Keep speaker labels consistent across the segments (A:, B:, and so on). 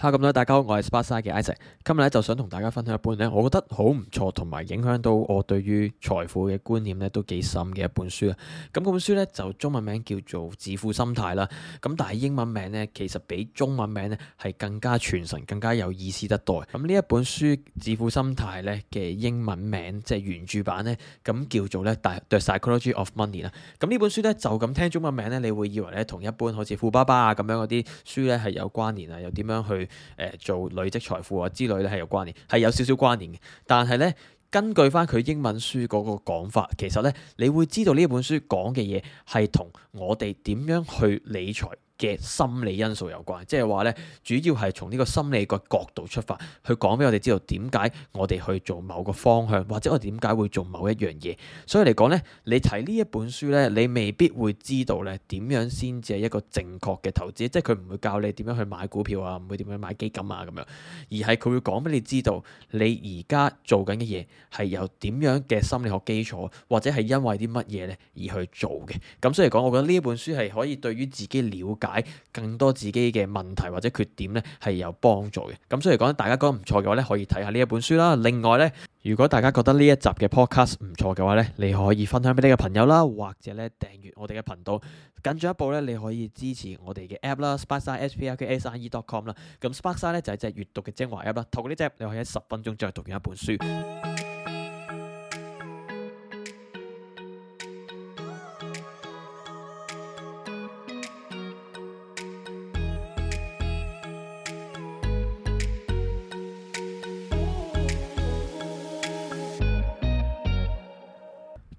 A: 嚇，咁咧，Hello，大家好，我係 Sparkside 嘅 Izzy。今日咧就想同大家分享一本咧，我覺得好唔錯，同埋影響到我對於財富嘅觀念咧都幾深嘅一本書啊。咁本書咧就中文名叫做《致富心態》啦。咁但係英文名咧，其實比中文名咧係更加傳神，更加有意思得多。咁呢一本書《致富心態》咧嘅英文名即係原著版咧，咁叫做咧《大 The Psychology of Money》啦。咁呢本書咧就咁聽中文名咧，你會以為咧同一般好似富爸爸啊咁樣嗰啲書咧係有關聯啊，又點樣去？誒做累積財富啊之類咧係有關聯，係有少少關聯嘅。但係咧，根據返佢英文書嗰個講法，其實咧，你會知道呢本書講嘅嘢係同我哋點樣去理財。嘅心理因素有關，即係話呢，主要係從呢個心理個角度出發，去講俾我哋知道點解我哋去做某個方向，或者我哋點解會做某一樣嘢。所以嚟講呢，你睇呢一本書呢，你未必會知道呢點樣先至係一個正確嘅投資，即係佢唔會教你點樣去買股票啊，唔會點樣買基金啊咁樣，而係佢會講俾你知道你而家做緊嘅嘢係由點樣嘅心理學基礎，或者係因為啲乜嘢呢而去做嘅。咁所以嚟講，我覺得呢一本書係可以對於自己了解更多自己嘅問題或者缺點咧，係有幫助嘅。咁所以講，大家覺得唔錯嘅話咧，可以睇下呢一本書啦。另外咧，如果大家覺得呢一集嘅 podcast 唔錯嘅話咧，你可以分享俾你嘅朋友啦，或者咧訂閱我哋嘅頻道。緊進一步咧，你可以支持我哋嘅 app 啦，Sparkside S P R K S I E dot com 啦。咁 Sparkside 咧就係一隻閱讀嘅精華 app 啦。透過呢隻，你可以喺十分鐘就讀完一本書。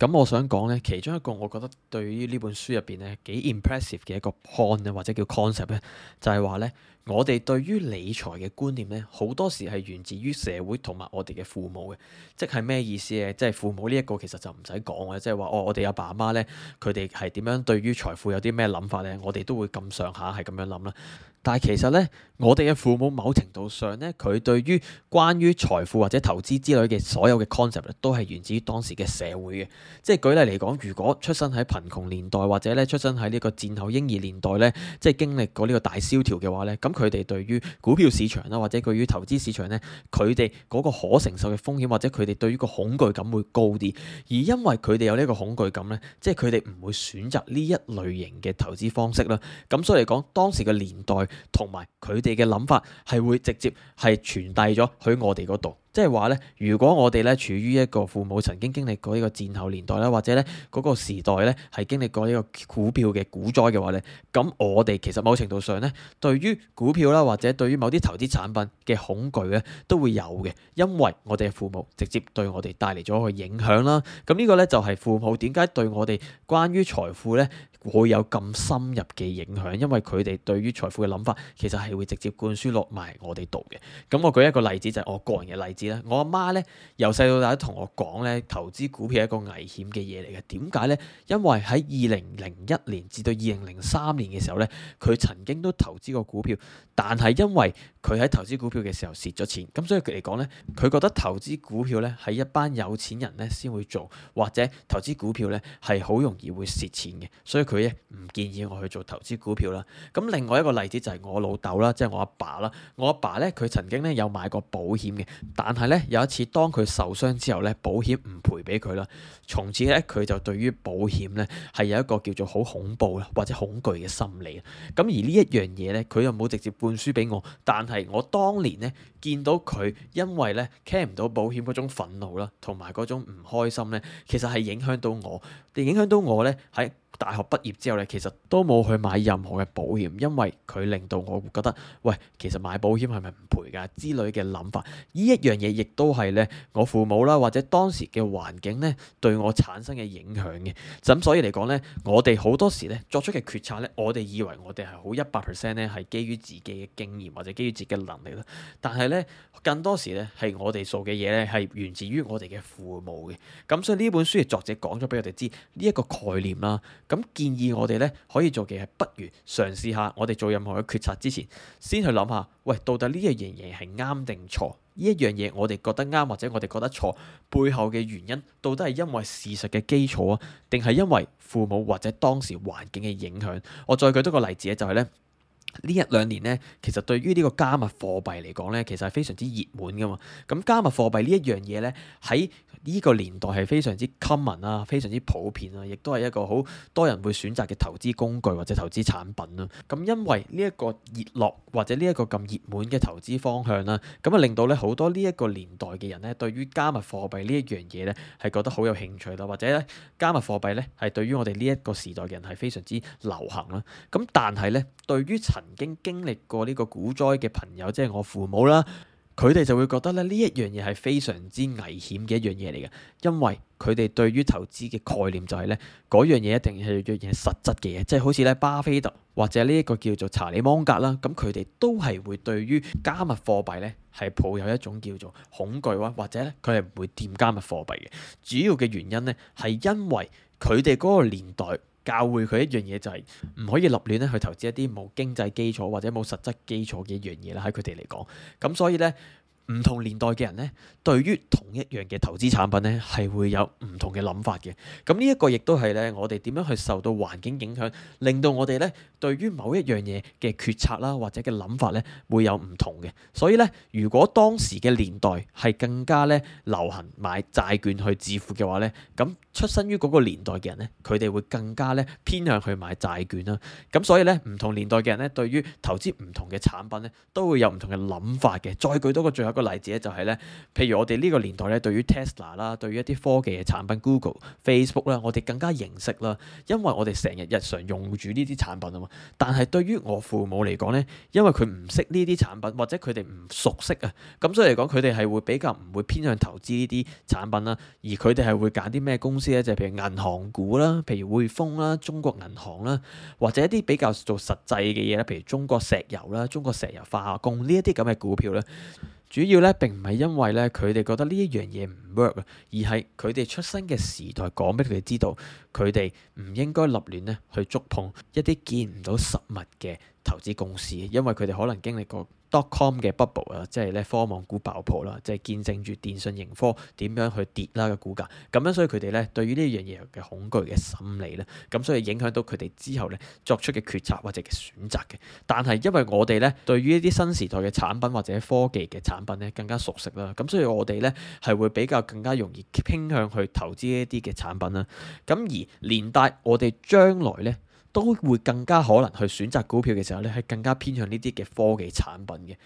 A: 咁我想講呢，其中一個我覺得對於呢本書入邊呢幾 impressive 嘅一個 point 啊，或者叫 concept 呢，就係話呢。我哋對於理財嘅觀念咧，好多時係源自於社會同埋我哋嘅父母嘅，即係咩意思咧？即係父母呢一個其實就唔使講嘅，即係話哦，我哋阿爸阿媽咧，佢哋係點樣對於財富有啲咩諗法咧？我哋都會咁上下係咁樣諗啦。但係其實咧，我哋嘅父母某程度上咧，佢對於關於財富或者投資之類嘅所有嘅 concept 咧，都係源自於當時嘅社會嘅。即係舉例嚟講，如果出生喺貧窮年代或者咧出生喺呢個戰後嬰兒年代咧，即係經歷過呢個大蕭條嘅話咧，咁。佢哋對於股票市場啦，或者對於投資市場咧，佢哋嗰個可承受嘅風險，或者佢哋對於個恐懼感會高啲。而因為佢哋有呢個恐懼感咧，即係佢哋唔會選擇呢一類型嘅投資方式啦。咁所以嚟講，當時嘅年代同埋佢哋嘅諗法係會直接係傳遞咗去我哋嗰度。即係話咧，如果我哋咧處於一個父母曾經經歷過呢個戰後年代啦，或者咧嗰個時代咧係經歷過呢個股票嘅股災嘅話咧，咁我哋其實某程度上咧，對於股票啦，或者對於某啲投資產品嘅恐懼咧，都會有嘅，因為我哋嘅父母直接對我哋帶嚟咗個影響啦。咁呢個咧就係父母點解對我哋關於財富咧會有咁深入嘅影響，因為佢哋對於財富嘅諗法，其實係會直接灌輸落埋我哋度嘅。咁我舉一個例子，就係我個人嘅例子啦。我阿媽呢，由細到大都同我講呢，投資股票係一個危險嘅嘢嚟嘅。點解呢？因為喺二零零一年至到二零零三年嘅時候呢，佢曾經都投資過股票，但係因為佢喺投資股票嘅時候蝕咗錢，咁所以佢嚟講呢，佢覺得投資股票呢係一班有錢人呢先會做，或者投資股票呢係好容易會蝕錢嘅，所以。佢咧唔建議我去做投資股票啦。咁另外一個例子就係我老豆啦，即係我阿爸啦。我阿爸咧，佢曾經咧有買過保險嘅，但係咧有一次當佢受傷之後咧，保險唔賠俾佢啦。從此咧，佢就對於保險咧係有一個叫做好恐怖或者恐懼嘅心理。咁而呢一樣嘢咧，佢又冇直接灌輸俾我，但係我當年咧見到佢因為咧 claim 唔到保險嗰種憤怒啦，同埋嗰種唔開心咧，其實係影響到我，影響到我咧喺。大學畢業之後咧，其實都冇去買任何嘅保險，因為佢令到我覺得，喂，其實買保險係咪唔賠噶之類嘅諗法。呢一樣嘢亦都係咧我父母啦，或者當時嘅環境咧對我產生嘅影響嘅。咁所以嚟講咧，我哋好多時咧作出嘅決策咧，我哋以為我哋係好一百 percent 咧係基於自己嘅經驗或者基於自己嘅能力啦。但係咧更多時咧係我哋做嘅嘢咧係源自於我哋嘅父母嘅。咁所以呢本書嘅作者講咗俾我哋知呢一個概念啦。咁建議我哋咧可以做嘅係，不如嘗試下我哋做任何嘅決策之前，先去諗下，喂，到底呢一樣嘢係啱定錯？呢一樣嘢我哋覺得啱，或者我哋覺得錯，背後嘅原因到底係因為事實嘅基礎啊，定係因為父母或者當時環境嘅影響？我再舉多個例子咧，就係，就係咧。呢一兩年呢，其實對於呢個加密貨幣嚟講呢，其實係非常之熱門㗎嘛。咁加密貨幣呢一樣嘢呢，喺呢個年代係非常之 common 啦，非常之普遍啦，亦都係一個好多人會選擇嘅投資工具或者投資產品啦。咁因為呢一個熱絡或者呢一個咁熱門嘅投資方向啦，咁啊令到咧好多呢一個年代嘅人呢，對於加密貨幣呢一樣嘢呢，係覺得好有興趣啦，或者咧加密貨幣呢，係對於我哋呢一個時代嘅人係非常之流行啦。咁但係呢，對於曾經經歷過呢個股災嘅朋友，即係我父母啦，佢哋就會覺得咧呢一樣嘢係非常之危險嘅一樣嘢嚟嘅，因為佢哋對於投資嘅概念就係咧嗰樣嘢一定係要係實質嘅嘢，即係好似咧巴菲特或者呢一個叫做查理芒格啦，咁佢哋都係會對於加密貨幣咧係抱有一種叫做恐懼哇，或者咧佢係唔會掂加密貨幣嘅，主要嘅原因咧係因為佢哋嗰個年代，教會佢一樣嘢就係唔可以立亂咧去投資一啲冇經濟基礎或者冇實質基礎嘅一樣嘢啦，喺佢哋嚟講。咁所以咧，唔同年代嘅人咧，對於同一樣嘅投資產品咧，係會有唔同嘅諗法嘅。咁呢一個亦都係咧，我哋點樣去受到環境影響，令到我哋咧。對於某一樣嘢嘅決策啦，或者嘅諗法咧，會有唔同嘅。所以咧，如果當時嘅年代係更加咧流行買債券去致富嘅話咧，咁出生於嗰個年代嘅人咧，佢哋會更加咧偏向去買債券啦。咁所以咧，唔同年代嘅人咧，對於投資唔同嘅產品咧，都會有唔同嘅諗法嘅。再舉多個最後一個例子咧，就係咧，譬如我哋呢個年代咧，對於 Tesla 啦，對於一啲科技嘅產品，Google、Facebook 啦，我哋更加認識啦，因為我哋成日日常用住呢啲產品啊嘛。但係對於我父母嚟講呢，因為佢唔識呢啲產品，或者佢哋唔熟悉啊，咁所以嚟講佢哋係會比較唔會偏向投資呢啲產品啦，而佢哋係會揀啲咩公司呢？就係譬如銀行股啦，譬如匯豐啦、中國銀行啦，或者一啲比較做實際嘅嘢啦，譬如中國石油啦、中國石油化工呢一啲咁嘅股票呢。主要咧並唔係因為咧佢哋覺得呢一樣嘢唔 work 啊，而係佢哋出生嘅時代講畀佢哋知道，佢哋唔應該立亂咧去觸碰一啲見唔到實物嘅投資公司，因為佢哋可能經歷過。dot.com 嘅 bubble 啊，ble，即係咧科網股爆破啦，即係見證住電訊盈科點樣去跌啦個股價，咁樣所以佢哋咧對於呢樣嘢嘅恐懼嘅心理咧，咁所以影響到佢哋之後咧作出嘅決策或者嘅選擇嘅。但係因為我哋咧對於呢啲新時代嘅產品或者科技嘅產品咧更加熟悉啦，咁所以我哋咧係會比較更加容易傾向去投資一啲嘅產品啦。咁而連帶我哋將來咧。都會更加可能去選擇股票嘅時候咧，係更加偏向呢啲嘅科技產品嘅。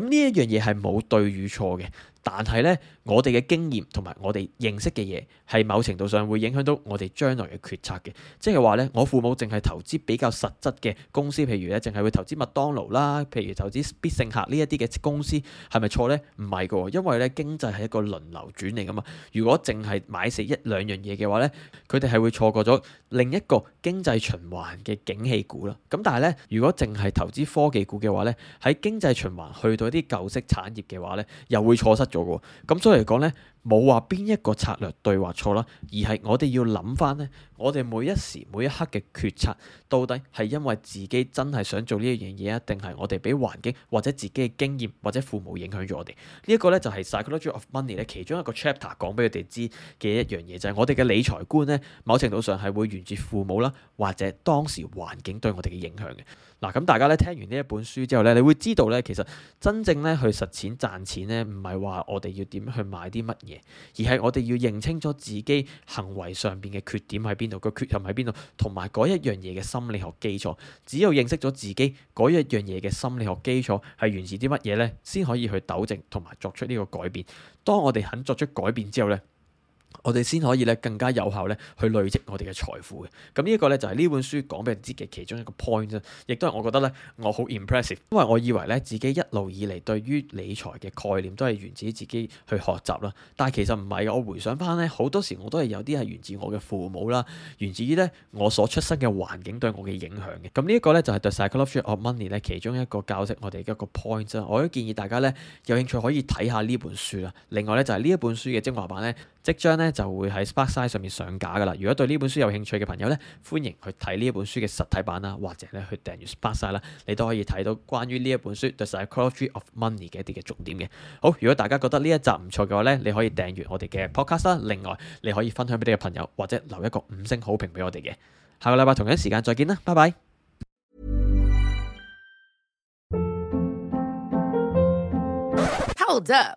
A: 咁呢一樣嘢係冇對與錯嘅，但係呢，我哋嘅經驗同埋我哋認識嘅嘢係某程度上會影響到我哋將來嘅決策嘅。即係話呢，我父母淨係投資比較實質嘅公司，譬如咧淨係會投資麥當勞啦，譬如投資必勝客呢一啲嘅公司係咪錯呢？唔係噶，因為呢經濟係一個輪流轉嚟噶嘛。如果淨係買死一兩樣嘢嘅話呢，佢哋係會錯過咗另一個經濟循環。嘅景氣股啦，咁但係呢，如果淨係投資科技股嘅話呢，喺經濟循環去到一啲舊式產業嘅話呢，又會錯失咗喎。咁所以嚟講呢，冇話邊一個策略對或錯啦，而係我哋要諗翻呢，我哋每一時每一刻嘅決策，到底係因為自己真係想做呢一樣嘢啊，定係我哋俾環境或者自己嘅經驗或者父母影響咗我哋？呢、這、一個咧就係、是、Psychology of Money 咧其中一個 chapter 講俾佢哋知嘅一樣嘢，就係、是、我哋嘅理財觀咧，某程度上係會源自父母啦，或者當時環境對我哋嘅影響嘅。嗱，咁大家咧聽完呢一本書之後咧，你會知道咧，其實真正咧去實踐賺錢咧，唔係話我哋要點去買啲乜嘢，而係我哋要認清楚自己行為上邊嘅缺點喺邊度，個缺陷喺邊度，同埋嗰一樣嘢嘅心理學基礎。只有認識咗自己嗰一樣嘢嘅心理學基礎係源自啲乜嘢咧，先可以去糾正同埋作出呢個改變。當我哋肯作出改變之後咧，我哋先可以咧更加有效咧去累積我哋嘅財富嘅，咁呢一個咧就係呢本書講俾人知嘅其中一個 point，亦都係我覺得咧我好 impressive，因為我以為咧自己一路以嚟對於理財嘅概念都係源自於自己去學習啦，但係其實唔係嘅，我回想翻咧好多時我都係有啲係源自我嘅父母啦，源自於咧我所出生嘅環境對我嘅影響嘅，咁呢一個咧就係 The Psychology of Money 咧其中一個教識我哋嘅一個 point，我都建議大家咧有興趣可以睇下呢本書啦，另外咧就係呢一本書嘅精華版咧。即將咧就會喺 Sparkside 上面上架噶啦。如果對呢本書有興趣嘅朋友咧，歡迎去睇呢一本書嘅實體版啦，或者咧去訂閱 Sparkside 啦，你都可以睇到關於呢一本書《The Psychology of Money》嘅一啲嘅重點嘅。好，如果大家覺得呢一集唔錯嘅話咧，你可以訂閱我哋嘅 Podcast 啦。另外，你可以分享俾你嘅朋友，或者留一個五星好評俾我哋嘅。下個禮拜同樣時間再見啦，拜拜。Hold